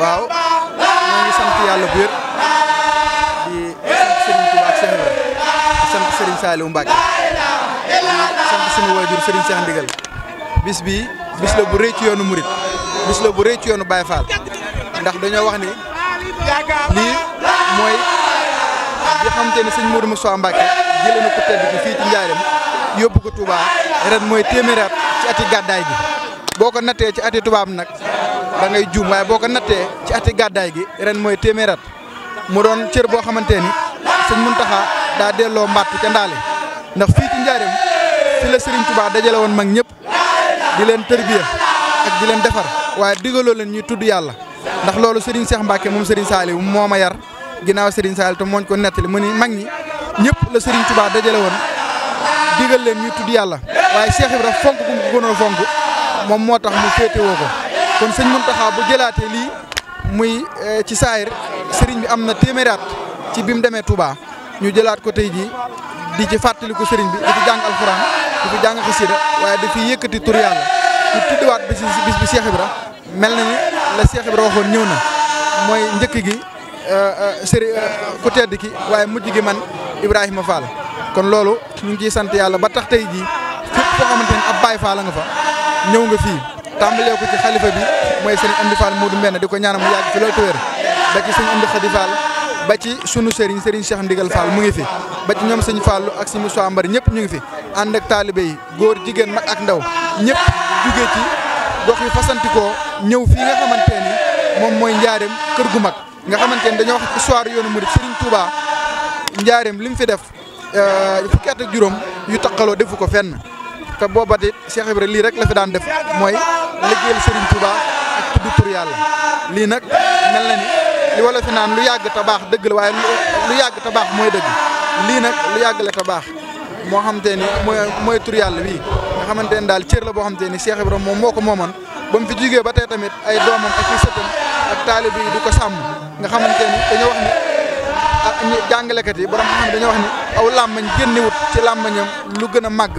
waaw ñoo ngi sant yàlla bu wér di sant Serigne Touba ak Cheikh Ibrahima sant Serigne Saliou Mbacke di sant suñu waajur Serigne Cheikh Ndigal bis bi bis la bu rëy ci yoonu Mouride bis la bu rëy ci yoonu Baye Fall ndax dañoo wax ni lii mooy yoo xamante ni sëñ Mourou Moussa Mbacke jëlee na ko tedd ki fii ci Njaareem yóbbu ko Touba ren mooy téeméeraat ci ati gàddaay bi. boo ko nattee ci ati tubaab nag da ngay juum waaye boo ko nattee ci ati gàddaay gi ren mooy téeméerat mu doon cër boo xamante ni sëñ Muntaxa daa delloo mbàtt ca ndaale ndax fii ci njaareem fi la Serigne Touba dajale woon mag ñëpp di leen tërbiya ak di leen defar waaye digaloo leen ñuy tudd yàlla ndax loolu Serigne Cheikh Mbacke moom Serigne Saliou moo ma yar ginnaaw sëriñ Saliou te mooñ ko nettali mu ni mag ñi ñëpp la Serigne Touba dajale woon digal leen ñuy yàlla waaye moom moo tax mu féetewoo ko kon sëñ Muntaxa bu jëlaatee lii muy eh, ci saayir sëriñ bi am na téeméeri ci bi mu demee Touba ñu jëlaat ko tey jii di ci fàttaliku sëriñ bi di fi jàng alxuraan di fi jàng xasida waaye di fi yëkkati tur yàlla ñu tuddiwaat bis bis bi Cheikh mel na ni la Cheikh Ibra waxoon ñëw na mooy njëkk gi eh, eh, sëriñ ku tedd ki waaye mujj gi man Ibrahima Fall kon loolu ñu ngi sant yàlla ba tax tey jii fépp foo xamante ni ab Baay Faal nga fa. ñew nga fi tambalé ko ci khalifa bi moy serigne amdou Fall Modou Mbène diko ñaanam mu yag ci lo tuwér ba ci serigne amdou khadi Fall ba ci sunu serigne serigne Cheikh Ndigal Fall mu ngi fi ba ci ñom serigne fall ak sëñ Moussa Mbar ñepp ñu ngi fi and ak talibé yi goor jigen mak ak ndaw ñepp jugee ci dox yi fasantiko ñew fi nga xamanteni mom moy mooy kër gu mak nga xamanteni dañu wax histoire yoonu mourid serigne Touba njaareem lim fi def euh at ak juróom yu taqaloo defuko fenn te booba it Cheikh Ibrahima lii rek la fi daan def mooy liggéeyal Serigne Touba ak tudd tur yàlla lii nag mel na ni li wala fi naan lu yàgg te baax dëgg la waaye lu yàgg te baax mooy dëgg lii nag lu yàgg la te baax moo xamante ni mooy mooy tur yàlla bii nga xamante ni daal cër la boo xamante ni Cheikh Ibrahima moom moo ko moomoon ba mu fi jugee ba tey tamit ay doomam ak i sëtam ak yi di ko sàmm nga xamante ni wax ni ñi jàngalekat yi borom xam dañoo wax ni aw làmmañ génnewut ci làmmañam lu gën a màgg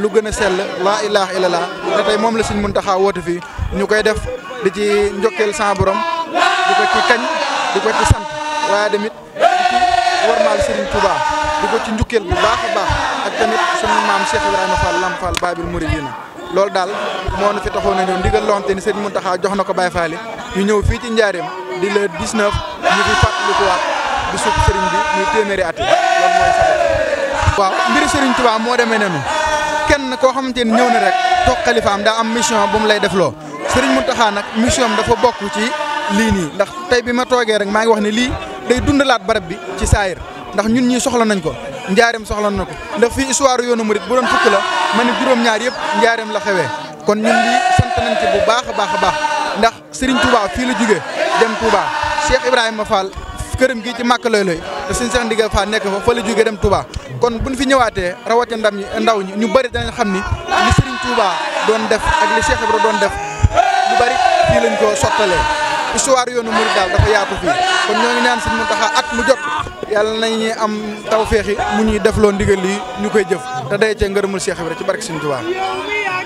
lu gën a sell laa ilaha illallah te tey moom la Sëriñ Muntaxa woote fii ñu koy def di ci njokkeel sa borom di ko ci di ko sant waaye tamit di ci warmaal Sëriñ Tuuba di ko ci njukkeel bu baax ak tamit suñu maam Cheikh Ibrahima Fall Lam Fall Babil Mouridina loolu daal moo na fi taxoon na ñëw ndigal loo xam te ni jox na ko Baay Faal yi ñu ñëw fii ci Njaareem di le 19 ñu fi fàttaliku waat bisub sëriñ bi muy téeméeri at waaw mbiri sëriñ Tuubaa moo demee nenu kenn ñëw na rek am mission bu mu lay def loo sëriñ Mountakha nag mission dafa bokk ci lii nii ndax tey bi ma toogee rek maa ngi wax ne lii day dundalaat barab bi ci saayir ndax ñun ñii soxla nañ ko njaareem soxla na ndax histoire yoonu bu doon fukk la ñaar la kon ñun lii sant nañ ci bu baax baax baax ndax sëriñ Touba fii la jugee dem Touba Cheikh këram gi ci màkk looy looy te suñu seex ndigal fa nekk fa fa la jógee dem Touba kon bu buñ fi ñëwaatee rawate ndam ñi ndaw ñi ñu bëri danañ xam ni li Serigne Touba doon def ak li Cheikh Ibra doon def lu bari fii lañ ko sottalee histoire yoonu murid daal dafa yaatu fii kon ñoo ngi ñaan Serigne Mountakha at mu jot yàlla nañuy am taw feexi mu ñuy def loo ndigal lii ñu koy jëf te day cee ngërëmul bi rek ci barke Serigne Touba